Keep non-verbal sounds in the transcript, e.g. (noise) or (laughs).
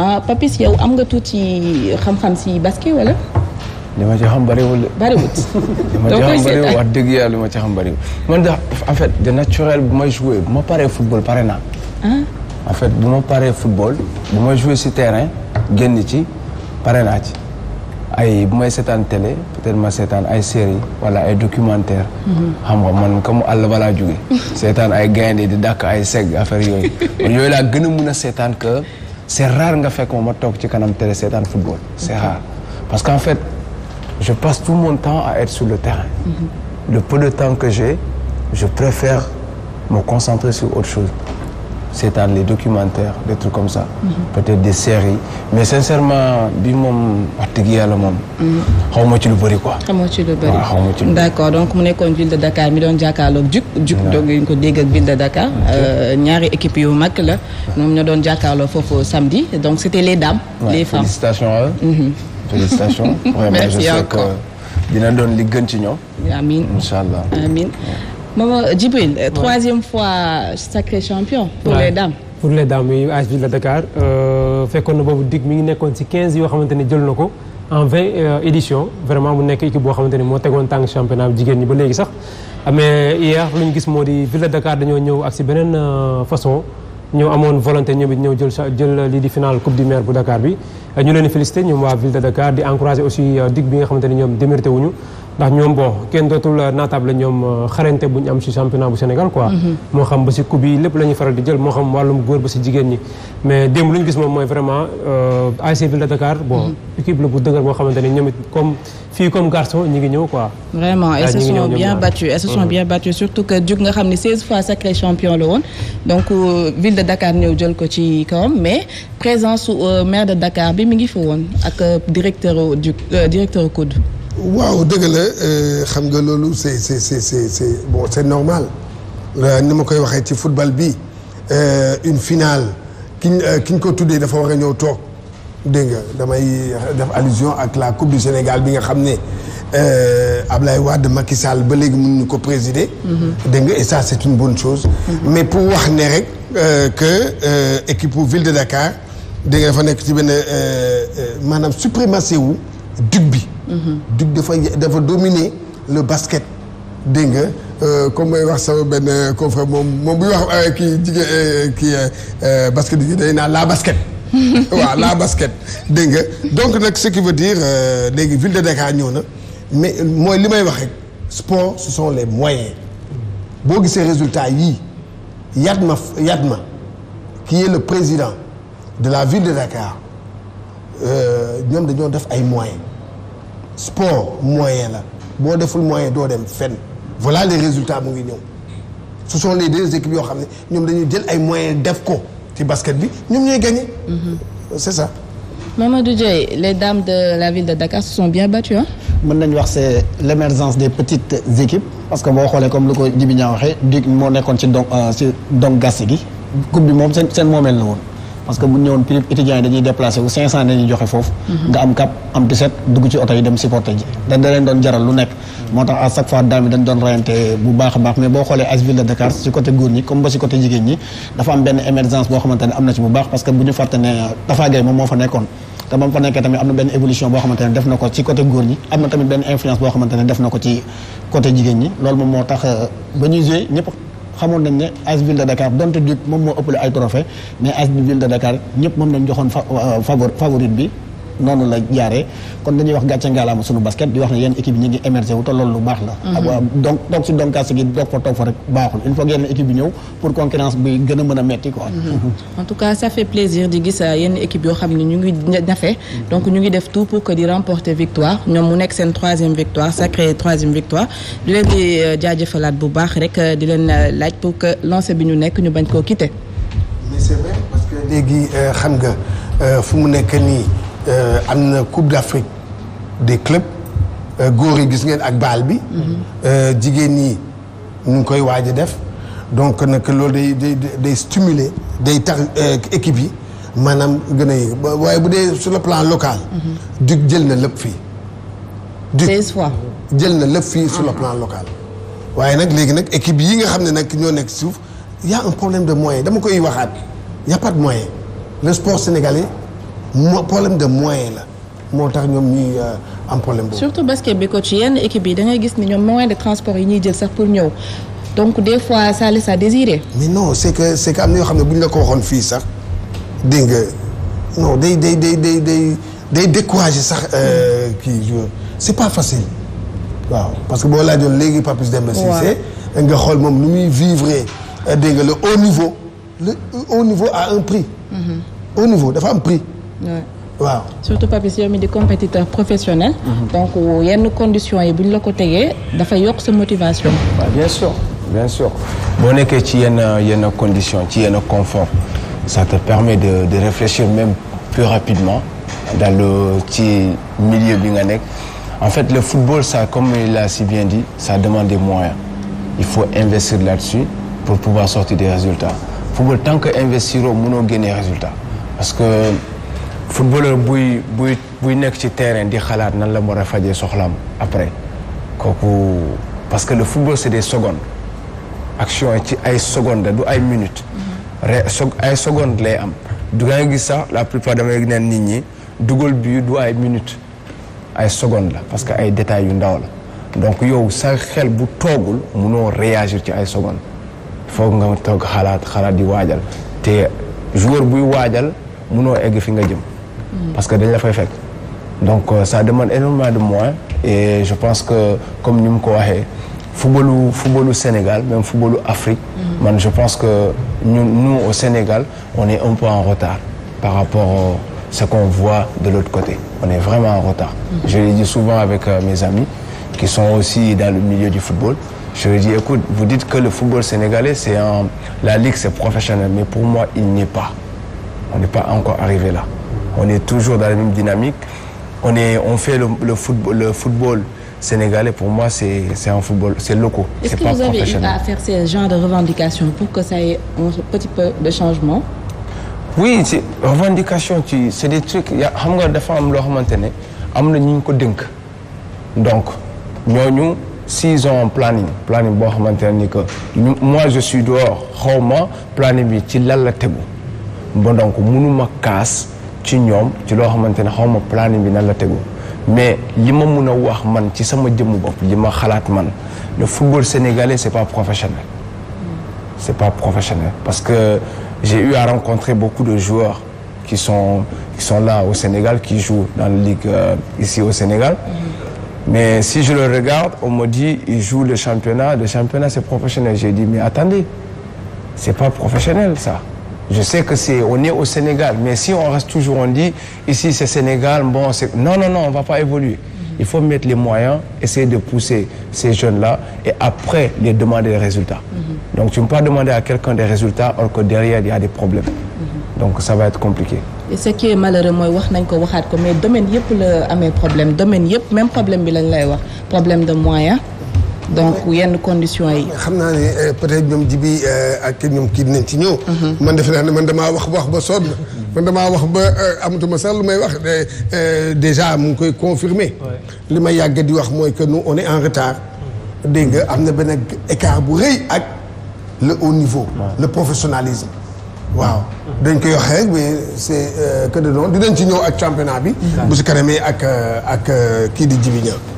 ah Papis yow am nga tuuti xam-xam si basket wala. li ma ci xam bëriwul. bëriwul (laughs) doo koy seet wax dëgg yàlla li ma ci xam bëriwul. man de en fait de naturel bu ma joué bu ma paree football pare naa. Ah. en fait bu ma paree football bu ma joué si terrain génn ci pare naa ci. ay bu may seetaan télé peut ma seetaan ay série wala ay documentaire mhm. xam nga man comme àll balaa jóge (laughs) seetaan ay gaynde di dàkk ay segg affaire yooyu (laughs) yooyu laa gën a mun a seetaan c'est rare nga fekk ma ma toog ci kanam télé seetaan football c'est rare parce qu'en fait je passe tout mon temps à être sur le terrain mhm. le peu de temps que j'ai je préfère me concentrer sur autre chose seetaan les documentaires des trucs comme ça. Mhm. peut-être des séries mais sincèrement bi moom wax dëgg yàlla moom. Mhm. xaw ma ci lu bëri quoi. xaw ma ci lu bëri waaw xaw ma ci lu bëri. donc mu nekkoon ville de Dakar mi doon jàkkaarloog Juk. Juk donc ñu ko dégg ak ville de Dakar. Euh, ñaari équipe yu mag la ñoom ñoo doon jàkkaarloo foofu samedi donc c'était les dames. les femmes félicitations à eux. Mhm. (laughs) dina doon li gën ci ñoom. amiin incha allah amiin. Maman Djibril troisième fois sacré champion. pour les dames. pour les dames yi AS Ville de euh, fekkoon na boobu dig mi ngi nekkoon ci 15 yoo xamante ne jël na ko en 20 euh, éditions vraiment mu nekk équipe boo xamante ne moo tegoon tàng championnat bi jigéen ñi ba léegi sax mais hier lu ñu gis moo di Ville de dañoo ñëw ak ci beneen euh, façon ñoo amoon volonté ñoom it ñëw jël jël lii di final coupe du maire bu Dakar bi ñu leen félicité ñoom waa Ville de Dakar di encouragé aussi dig bi nga xamante ne ñoom démérité wuñu ndax ñoom bon kenn dootul euh, naataable ñoom euh, xarañte bu am ci championnat bu Sénégal quoi mhm. moo xam ba ci coupe yi lépp la faral di jël moo xam wàllum góor ba ci jigéen ñi mais démb lu ñu gis moom mooy vraiment euh, ASC Ville de Dakar bon mhm. équipe la bu dëgër boo xamante ne comme fii comme garçon ñi ngi ñëw quoi vraiment elles ah, mhm. surtout que Diouk nga xam ne 16 fois sacré champion la woon donc Ville de Dakar ñëw jël ko ci kawam mais présence maire bi mi ngi fa woon ak waaw dëgg la euh, xam nga loolu c'est c'est c'est c'est bon c'est normal euh, ni ma koy waxee ci football bi euh, une finale kiñ kiñ ko tuddee dafa war a ñëw toog dégg nga damay def allusion ak la coupe du Sénégal bi nga xam ne Ablaye Wade Macky Sall ba léegi mën ñu ko présider. Mm-hmm. dégg nga et ça c'est une bonne chose. Mm-hmm. mais pour wax ne rek que équipe ville de Dakar dégg nga dafa nekk ci benn maanaam suprématie wu. dug bi. Mhm. dug dafa dafa dominer le basket. dégg nga euh, comme may wax sama benn euh, confrère moom moom buy wax euh, kii jigéen kii basket yi day naa la basket. (laughs) waaw la basket dégg nga donc nag ce qui veut dire léegi ville de Dakar ñëw na mais mooy li may wax rek sport ce sont les moyens boo gisee résultat yii Yatma Yatma qui est le président de la ville de Dakar Euh, ñoom dañoo def ay moyens sport moyen la boo deful moyen doo dem fenn voilà les résultats mu ngi ñëw su sont les deux équipes yoo xam ne ñoom dañuy jël ay moyen def ko ci basket bi ñoom ñooy gagné. Mhm. c'est ça. Mamadou Dieye les dames de la ville de Dakar se sont bien battues mën nañu wax c'est l'émergence des petites équipes parce que boo xoolee comme lu ko Djibi Niang waxee dig moo nekkoon ci donc euh, ci donc gas gi coupe bi moom seen seen moomeel la woon. parce que bu ñu ñëwoon prix étudiants yi dañuy déplacé wu 500 dañuy joxe foofu. nga am cap am 17 dugg ci oto yi dem supporter ji. dafa am benn émergence boo xamante am na ci bu baax parce que bu ñu fàtte ne Tafa Gueye moom moo fa nekkoon. te ba fa nekkee tamit am na benn évolution boo xamante def na ko ci côté góor ñi am na tamit benn influence boo xamante def na ko ci côté jigéen ñi loolu moom moo tax euh, ba ñuy joué ñëpp xamoon nañ ne AS Ville de Dakar donte Duc moom moo ëppale ay trophée mais AS Ville de Dakar ñëpp moom lañ joxoon euh, favorite bi noonu la jaare kon dañuy wax gàcce ngaalaama sunu basket di wax ne yéen équipe yi ñu ngi émergé wu te loolu lu baax la mhm. donc toog si donkaas gi doog fa toog fa rek baaxul il faut yenn équipe ñëw pour concurrence bi gën a mën a metti quoi mhm. (laughs) en tout cas ça fait plaisir di gis euh, yenn équipe yoo xam ne ñu ngi nafe mhm. donc ñu ngi def tout pour que di remporter victoire ñoom mu nekk seen troisième victoire sacré troisième victoire di leen di euh, jaajëfalaat bu baax rek euh, di leen laaj pour que lancé bi ñu nekk ñu bañ koo quitter mais c'est vrai parce xam nga fu mu nekk nii Euh, am na coupe d'Afrique des clubs euh, góor yi gis ngeen ak baal bi. Mhm. Euh, jigéen ñi ñu ngi koy waaj a def donc nag loolu day day day stimuler day tax équipe yi maanaam gën a yëg waaye bu dee sur le plan local. Mhm. Duc jël na lépp fii. Duc jël na lépp fii sur le ah. plan local. waaye nag léegi nag équipe yi nga xam ne nag ñoo nekk suuf y a problème de moyen dama koy waxaat y a pas de moyen le sport sénégalais. mo problème de moyen la moo tax ñoom ñuy euh, am problème boobu. surtout basket bi ko ci yenn équipe yi da ngay gis ni ñoom moyen de transport yi ñuy jël sax pour ñëw donc des fois ça laisse mais non c' que c' est que am na yoo xam ne bu ñu la ko fii sax dégg nga non day day day day day day décourager sax euh, kii joueur c' est pas facile. waaw parce que boo laajoon léegi Papis Demba Cissé. nga xool moom nu muy vivre euh, dégg nga le haut niveau le haut niveau a un prix. Mm-hmm. haut niveau dafa am prix. waaw surtout Papis yow mi di compétiteur professionnel. Mhm. donc yenn condition yi bu ñu la ko tegee dafa yokk sa motivation. waaw bien sûr bien sûr boo nekkee ci yenn yenn conditions ci yenn confort ça te permet de de réfléchir même plus rapidement dans le ci milieu bi nga nekk en fait le football ça comme il a si bien dit ça demande des moyens il faut investir là-dessus pour pouvoir sortir des résultats football tant que investir oo mënoo génne résultat parce que. footballeur buy buy buy nekk ci terrain di xalaat nan la war a fajee soxlaam après kooku parce que le football c'est des secondes action ci ay secondes du ay minutes. re ay lay am. du gis sax la plupart damay neen nit ñi dugal bi du ay minutes ay secondes la parce que ay détails yu ndaw la donc yow sax xel bu toogul munoo réagir ci ay secondes foog nga toog xalaat xalaat di waajal te joueur buy waajal munoo egg fi nga jëm. Mm. parce que dañ la fay fekk donc euh, ça demande énormément de moyens et je pense que comme ni mu ko waxee footballu footballu Sénégal même footballu Afrique mm. man je pense que ñun nous au Sénégal on est un peu en retard par rapport à ce qu'on voit de l'autre côté on est vraiment en retard mm. je le dis souvent avec euh, mes amis qui sont aussi dans le milieu du football je lui dis écoute vous dites que le football sénégalais la ligue c'est professionnel mais pour moi il n'y est pas on n'est pas encore arrivé là On est toujours dans la même dynamique. On, est, on fait le, le football, le football sénégalais, pour moi, c'est un football, c'est locaux. Est-ce est que pas vous avez eu à faire ce genre de revendications pour que ça ait un petit peu de changement Oui, revendication, c'est des trucs. Il y a des femmes qui ont Donc, nous, s'ils ont un planning, planning, bon, moi, je suis dehors, moi, planning, c'est là la Bon, donc, nous, ma ci ñoom ci loo xamante ne xaw ma planning bi nan la tegu mais li ma mun a wax man ci sama jëmm bopp li ma xalaat man le football sénégalais c'est pas professionnel. c'est pas professionnel parce que j'ai eu à rencontrer beaucoup de joueurs qui sont qui sont là au Sénégal qui jouent dans la ligue euh, ici au Sénégal. Mais si je le regarde, on me dit il joue le championnat, le championnat c'est professionnel. J'ai dit mais attendez, c'est pas professionnel ça. je sais que c'est on est au Sénégal mais si on reste toujours on dit ici c'est Sénégal bon c'est non non non on va pas évoluer il faut mettre les moyens essayer de pousser ces jeunes là et après les demander des résultats mm-hmm. donc tu ne peux pas demander à quelqu'un des résultats alors que derrière il y a des problèmes mm-hmm. donc ça va être compliqué et ce qui est malheureux mooy wax nañ ko waxaat ko mais domaine yëpp la amee problème domaine yëpp même problème bi lañ lay wax problème de moyens donc yenn conditions yi. xam naa ne euh, peut-être ñoom jibi euh, ak ñoom kii dinañ ci ñëw. Mhm. man defe naa ne man damaa wax wax ba sonn. man damaa wax ba euh, amatuma sax lu may wax déjà mu ngi koy confirmer li may yàgg di wax mooy que nu on est en retard. dégg nga am na benn écart bu rëy ak le haut niveau. le professionnalisme. waaw dañ koy wax rek mais c'est que de dinañ ci ñëw ak championnat bi. bu si kanamee ak ak kii di Djibi Niang